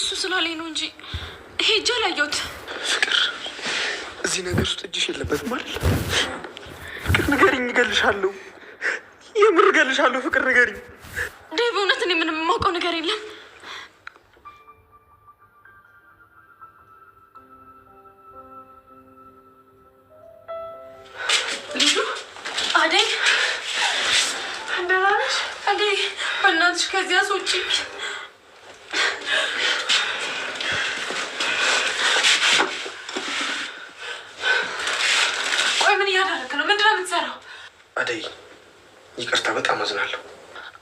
እሱ ስላለኝ ነው እንጂ ሄጄ አላየሁት። ፍቅር እዚህ ነገር ውስጥ እጅሽ የለበትም አይደል? ፍቅር ንገሪኝ፣ እገልሻለሁ። የምር እገልሻለሁ። ፍቅር ንገሪኝ። ዴቭ፣ እውነት እኔ ምንም የማውቀው ነገር የለም። ልጁ አደይ እንደራነሽ አደይ፣ በእናትሽ ከዚያ ሰውጭ አደይ ይቅርታ፣ በጣም አዝናለሁ።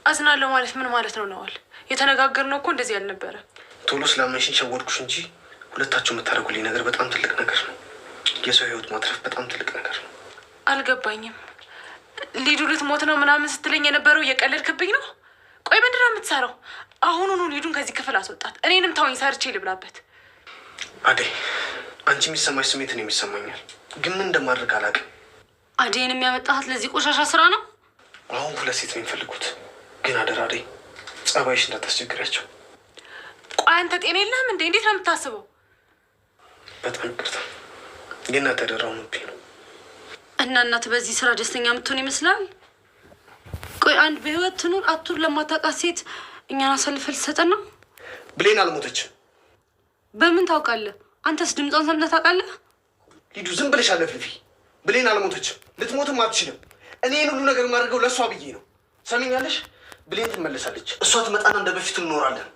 አዝናለሁ ማለት ምን ማለት ነው? ነዋል የተነጋገርነው እኮ እንደዚህ ያልነበረ። ቶሎ ስላመንሽኝ ሸወድኩሽ እንጂ ሁለታችሁ የምታደርጉልኝ ነገር በጣም ትልቅ ነገር ነው። የሰው ህይወት ማትረፍ በጣም ትልቅ ነገር ነው። አልገባኝም። ሊዱ ልትሞት ነው ምናምን ስትለኝ የነበረው እየቀለድክብኝ ነው? ቆይ ምንድን ነው የምትሰራው? አሁኑኑ ሊዱን ከዚህ ክፍል አስወጣት። እኔንም ታወኝ፣ ሰርቼ ልብላበት። አደይ፣ አንቺ የሚሰማሽ ስሜት የሚሰማኛል፣ ግን ምን እንደማድረግ አላውቅም። አዴን የሚያመጣት ለዚህ ቆሻሻ ስራ ነው። አሁን ሁለት ሴት ነው የሚፈልጉት፣ ግን አደራ ጸባይሽ እንዳታስቸግሪያቸው። ቆይ አንተ ጤና የለህም እንዴ? እንዴት ነው የምታስበው? በጣም ቅርታ የእናት ያደራው ነው እና እናት በዚህ ስራ ደስተኛ የምትሆን ይመስላል። ቆይ አንድ በህይወት ትኑር አቱር ለማታውቃት ሴት እኛን አሳልፈ ልትሰጠን ነው? ብሌን አልሞተች። በምን ታውቃለህ? አንተስ ድምጿን ሰምተህ ታውቃለህ? ሂዱ ዝም ብለሽ አለፍልፊ ብሌን አልሞተችም፣ ልትሞትም አትችልም። ይህን ሁሉ ነገር የማደርገው ለእሷ ብዬ ነው። ሰሚኛለሽ? ብሌን ትመለሳለች። እሷ ትመጣና እንደ በፊት እንኖራለን።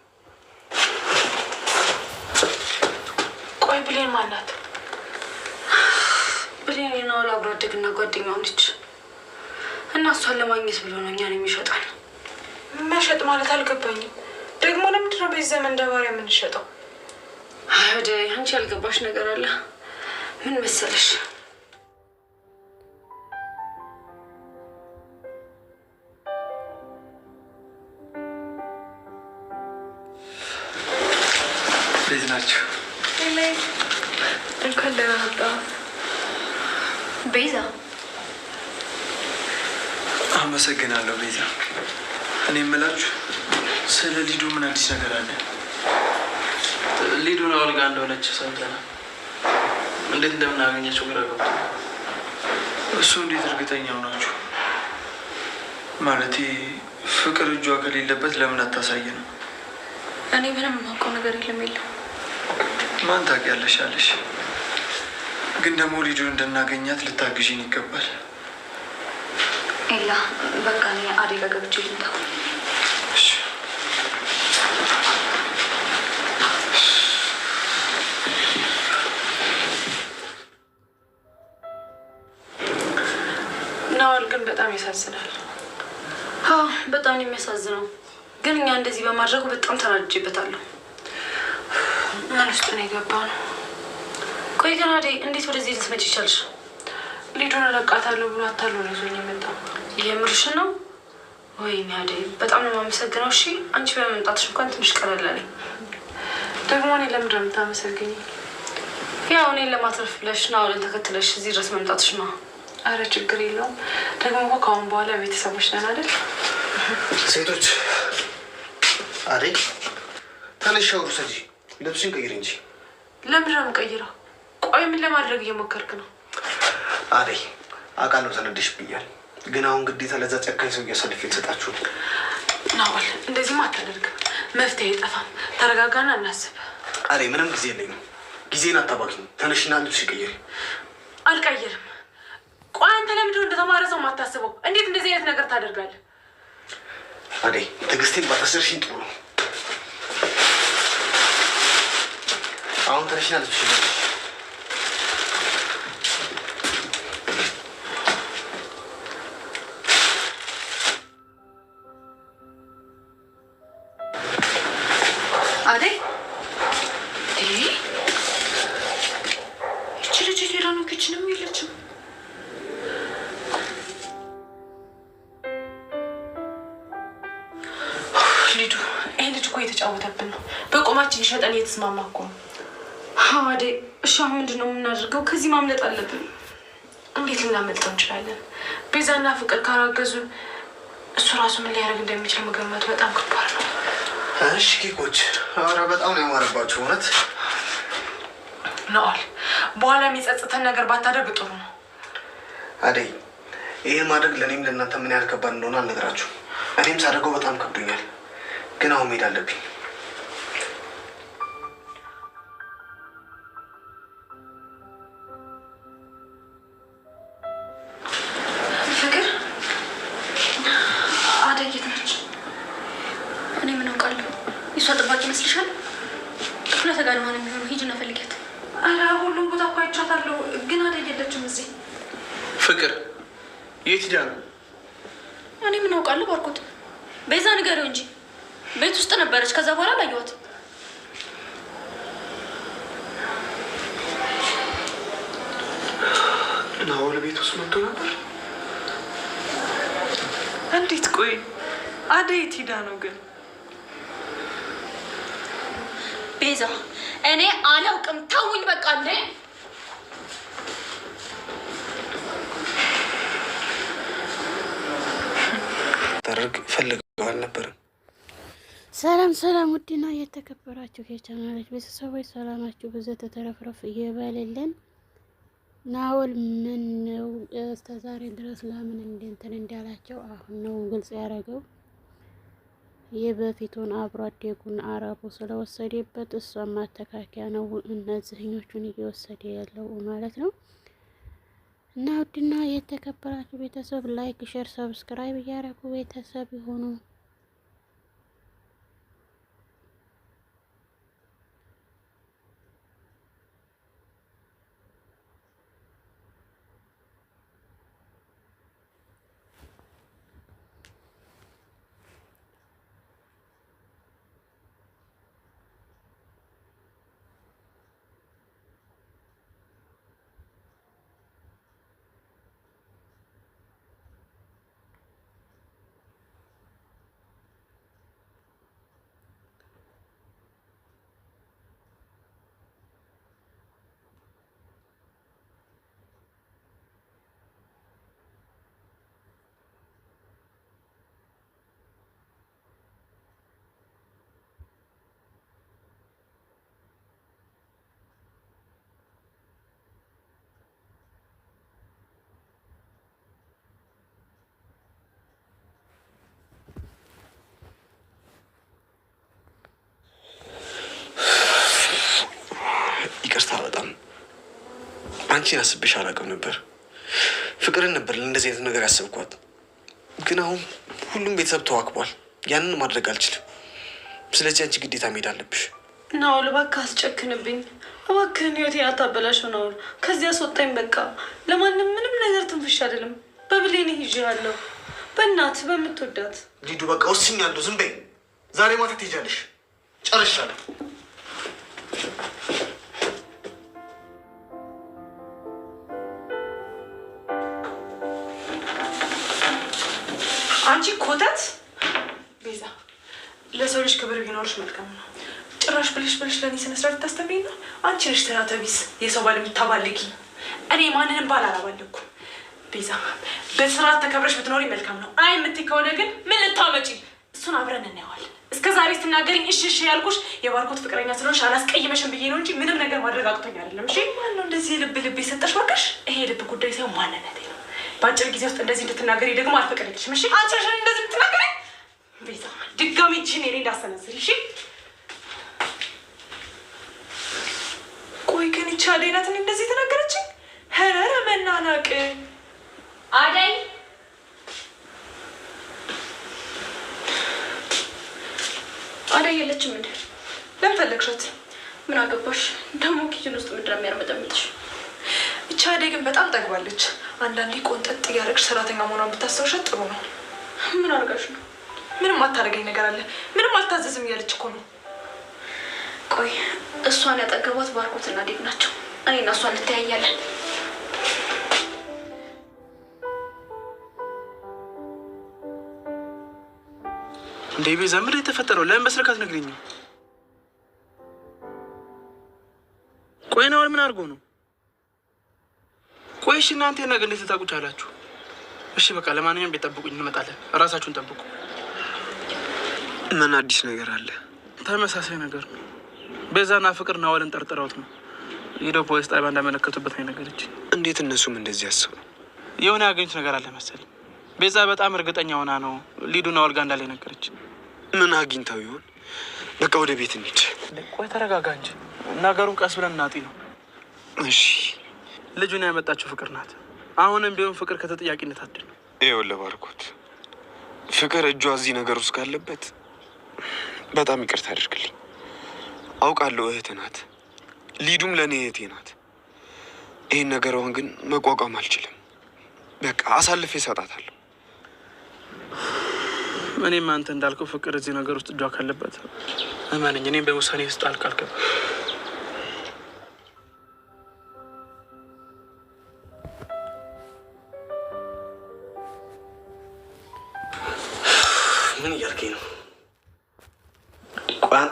ቆይ ብሌን ማናት? ብሌን የናውል አብሮ አደግና ጓደኛው ነች እና እሷን ለማግኘት ብሎ ነው እኛን የሚሸጣል። መሸጥ ማለት አልገባኝም። ደግሞ ለምንድነው በዚህ ዘመን እንደ ባሪያ የምንሸጠው? ወደ አንቺ ያልገባሽ ነገር አለ። ምን መሰለሽ እንኳን ደህና መጣ ቤዛ። አመሰግናለሁ ቤዛ። እኔ የምላችሁ ስለ ሊዱ ምን አዲስ ነገር አለ? ሊዱን አውልጋ እንደሆነች ሰምተናል። እንዴት እንደምናገኘችው ግራ ገብቶ እሱ እንዴት እርግጠኛ ሆናችሁ? ማለቴ ፍቅር እጇ ከሌለበት ለምን አታሳየ እኔ ምንም የማውቀው ነገር የለም የለም ማን ታውቂያለሽ አለሽ። ግን ደግሞ ልጁን እንድናገኛት ልታግዥን ይገባል። ኤላ በቃ እኔ አደጋ ገብቼ ልምጣ። ናዋል ግን በጣም ያሳዝናል። አዎ በጣም ነው የሚያሳዝነው። ግን እኛ እንደዚህ በማድረጉ በጣም ተናድጄበታለሁ። ምን ውስጡ ነው ነው? ቆይ ግን አደይ እንዴት ወደዚህ ልትመጪ ይቻልሽ? ሊዱን እለቃታለሁ ብሎ አታሉ ነው ይዞኝ የመጣው። የምርሽ ነው? ወይኔ አደይ በጣም ነው የማመሰግነው። እሺ አንቺ በመምጣትሽ እንኳን ትንሽ ቀለለ ደግሞ እኔ ለምንድን ነው የምታመሰግኝ? ያው እኔን ለማትረፍ ብለሽ ና ተከትለሽ እዚህ ድረስ መምጣትሽ ነው። አረ ችግር የለውም። ደግሞ እኮ ከአሁን በኋላ ቤተሰቦች ነን አይደል? ሴቶች አደይ ተነሽ ውሰጂ ልብስሽን ቀይር እንጂ። ለምንድን ቀይረው ቆይ ምን ለማድረግ እየሞከርክ ነው? አደይ አውቃለሁ ብያል፣ ግን አሁን ግዴታ ለዛ ጨካኝ ሰው እያሳልፍ የተሰጣችሁ ናል። እንደዚህም አታደርግም፣ መፍትሄ አይጠፋም። ተረጋጋና እናስብ። አደይ ምንም ጊዜ የለኝም፣ ጊዜን አታባኪ። ተነሽና ልብስሽን ቀይሪ። አልቀይርም። ቆይ አንተ ለምንድነው እንደተማረ ሰው የማታስበው? እንዴት እንደዚህ አይነት ነገር ታደርጋለህ? አደይ ትዕግስቴን ባታሰርሽኝ ጥሩ ነው። አሁን ተረሽናለች። ይሄ ልጅ እኮ እየተጫወተብን ነው። በቁማችን ሸጠን እየተስማማ እኮ ነው። አዴ እሺ፣ ምንድን ነው የምናደርገው? ከዚህ ማምለጥ አለብን። እንዴት ልናመልጠው እንችላለን? ቤዛና ፍቅር ካራገዙ እሱ ራሱ ምን ሊያደርግ እንደሚችል መገመቱ በጣም ከባድ ነው። እሺ ኬኮች፣ ኧረ በጣም ነው የማረባቸው እውነት ነዋል። በኋላ የሚጸጽተን ነገር ባታደርግ ጥሩ ነው አደይ። ይህን ማድረግ ለእኔም ለእናንተ ምን ያህል ከባድ እንደሆነ አልነግራችሁ። እኔም ሳደርገው በጣም ከብዶኛል፣ ግን አሁን መሄድ አለብኝ። ይመስልሻል? ክፍለ ተጋድማ ነው የሚሆነው። ሂጂና ፈልጊያት። ኧረ ሁሉም ቦታ እኮ አይቻታለሁ፣ ግን አደይ የለችም እዚህ። ፍቅር የት ሂዳ ነው? እኔ ምን አውቃለሁ። ባርኮት ቤዛ ንገሪው እንጂ ቤት ውስጥ ነበረች። ከዛ በኋላ አላየኋትም። ናወል ቤት ውስጥ መጥቶ ነበር። እንዴት? ቆይ አደይ የት ሂዳ ነው ግን ቤዛ እኔ አላውቅም። ተውኝ በቃ እንዴ ሰላም ሰላም፣ ውድና የተከበራችሁ የቻናላች ቤተሰቦች ሰላማችሁ ብዙ ተተረፍረፍ እየበልልን ናኦል ምን ነው እስከ ዛሬ ድረስ ለምን እንደንትን እንዳላቸው አሁን ነው ግልጽ ያደረገው። የበፊቱን አብሮ አደጉን አረቡ ስለወሰደበት እሷ ማተካከያ ነው እነዚህኞቹን እየወሰደ ያለው ማለት ነው። እና ውድና የተከበራችሁ ቤተሰብ ላይክ፣ ሼር፣ ሰብስክራይብ እያደረጉ ቤተሰብ የሆኑ አንቺን አስቤሽ አላውቅም ነበር። ፍቅርን ነበር ለእንደዚህ አይነት ነገር ያሰብኳት። ግን አሁን ሁሉም ቤተሰብ ተዋክቧል። ያንን ማድረግ አልችልም። ስለዚህ አንቺ ግዴታ መሄድ አለብሽ። ናውል እባክህ አስጨክንብኝ፣ እባክህን ህይወቴን አታበላሽው። ናውል ከዚህ አስወጣኝ። በቃ ለማንም ምንም ነገር ትንፍሽ አይደለም። በብሌን ይዤ ያለው በእናት በምትወዳት ሊዱ በቃ ወስኛለሁ። ዝም በይ። ዛሬ ማታ ትሄጃለሽ። ጨርሻለሁ። ኮተት ቤዛ፣ ለሰው ልጅ ክብር ቢኖርሽ መልካም ነው። ጭራሽ ብለሽ ብለሽ ለእኔ ስነ ስርዓት ታስተምሪኝ ነው። አንቺ ነሽ ስርዓተ የሰው ባል የምታባልጊ። እኔ ማንንም ባል አላባልኩም። ቤዛ፣ በስርዓት ተከብረሽ ብትኖሪ መልካም ነው። አይ የምትይ ከሆነ ግን ምን ልታመጪ፣ እሱን አብረን እናየዋለን። እስከ ዛሬ ስትናገሪኝ እሺ እሺ ያልኩሽ የባርኮት ፍቅረኛ ስለሆንሽ አላስቀይመሽም ብዬ ነው እንጂ ምንም ነገር ማድረግ አቅቶኝ አይደለም። እሺ፣ ማነው እንደዚህ ልብ ልብ የሰጠሽ? እባክሽ፣ ይሄ ልብ ጉዳይ ሳይሆን ማንነት በአጭር ጊዜ ውስጥ እንደዚህ እንድትናገሪ ደግሞ አልፈቀደልሽም። እሺ አጭርሽን እንደዚህ የምትናገሪ ቤዛ። ድጋሚ እጅሽን እኔ እንዳሰነዝር። እሺ ቆይ ግን ይቻ ሌናትን እንደዚህ የተናገረች ኧረ መናናቅ አደይ አደይ የለችም እንዴ? ለምን ፈለግሻት? ምን አገባሽ ደግሞ ኪችን ውስጥ ምንድን የሚያርመጠምጥሽ? ይቺ አደይ ግን በጣም ጠግባለች። አንዳንዴ ቆንጠጥ እያደረግሽ ሰራተኛ መሆኗን ብታስታውሻት ጥሩ ነው። ምን አድርጋሽ ነው? ምንም አታደርገኝ ነገር አለ። ምንም አልታዘዝም እያለች እኮ ነው። ቆይ እሷን ያጠገቧት ባርኮትና ዴብ ናቸው። እኔና እሷ እንተያያለን። እንዴ ቤዛ፣ ምንድን የተፈጠረው? ለምን በስልክ አትነግሪኝም? ቆይ ናዋል ምን አድርጎ ነው ቆይሽ እናንተ ነገር እንዴት ታውቁ ቻላችሁ? እሺ በቃ ለማንኛውም ቤት ጠብቁኝ፣ እንመጣለን። እራሳችሁን ጠብቁ። ምን አዲስ ነገር አለ? ተመሳሳይ ነገር ነው። ቤዛና ፍቅር ናወልን ጠርጥረውት ነው ሄደው ፖሊስ ጣቢያ እንዳመለከቱበት ነው የነገረች። እንዴት እነሱም እንደዚህ ያስቡ? የሆነ ያገኙት ነገር አለ መሰለኝ። ቤዛ በጣም እርግጠኛ ሆና ነው ሊዱና ወልጋ እንዳለ የነገረች። ምን አግኝታው ይሆን? በቃ ወደ ቤት እንሂድ። ቆይ ተረጋጋ እንጂ ነገሩን ቀስ ብለን እናጢ ነው። እሺ ልጁን ያመጣችው ፍቅር ናት። አሁንም ቢሆን ፍቅር ከተጠያቂነት አድን። ይኸውልህ ባርኮት፣ ፍቅር እጇ እዚህ ነገር ውስጥ ካለበት በጣም ይቅርታ አድርግልኝ። አውቃለሁ እህት ናት፣ ሊዱም ለእኔ እህቴ ናት። ይህን ነገሯን ግን መቋቋም አልችልም። በቃ አሳልፌ እሰጣታለሁ። እኔም አንተ እንዳልከው ፍቅር እዚህ ነገር ውስጥ እጇ ካለበት እመንኝ፣ እኔም በውሳኔ ውስጥ አልቃልከም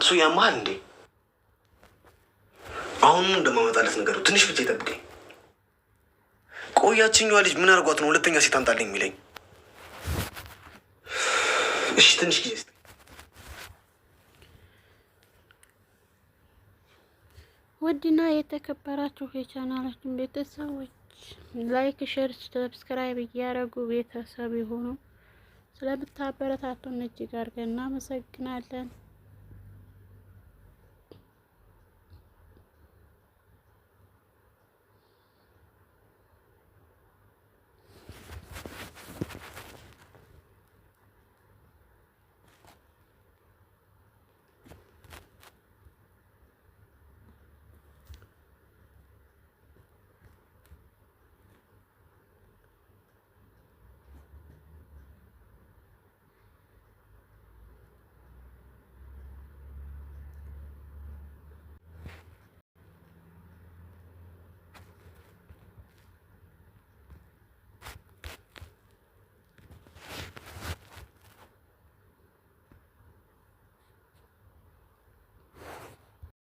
እሱ ያማል እንዴ? አሁኑ እንደማመጣለት ነገሩ ትንሽ ብቻ ይጠብቀኝ። ቆያችኛዋ ልጅ ምን አድርጓት ነው ሁለተኛ ሴት አምጣልኝ የሚለኝ? እሺ ትንሽ ጊዜ ስጠኝ። ውድና የተከበራችሁ የቻናላችን ቤተሰቦች ላይክ፣ ሼር፣ ሰብስክራይብ እያደረጉ ቤተሰብ የሆኑ ስለምታበረታቱን እጅግ አድርገን እናመሰግናለን።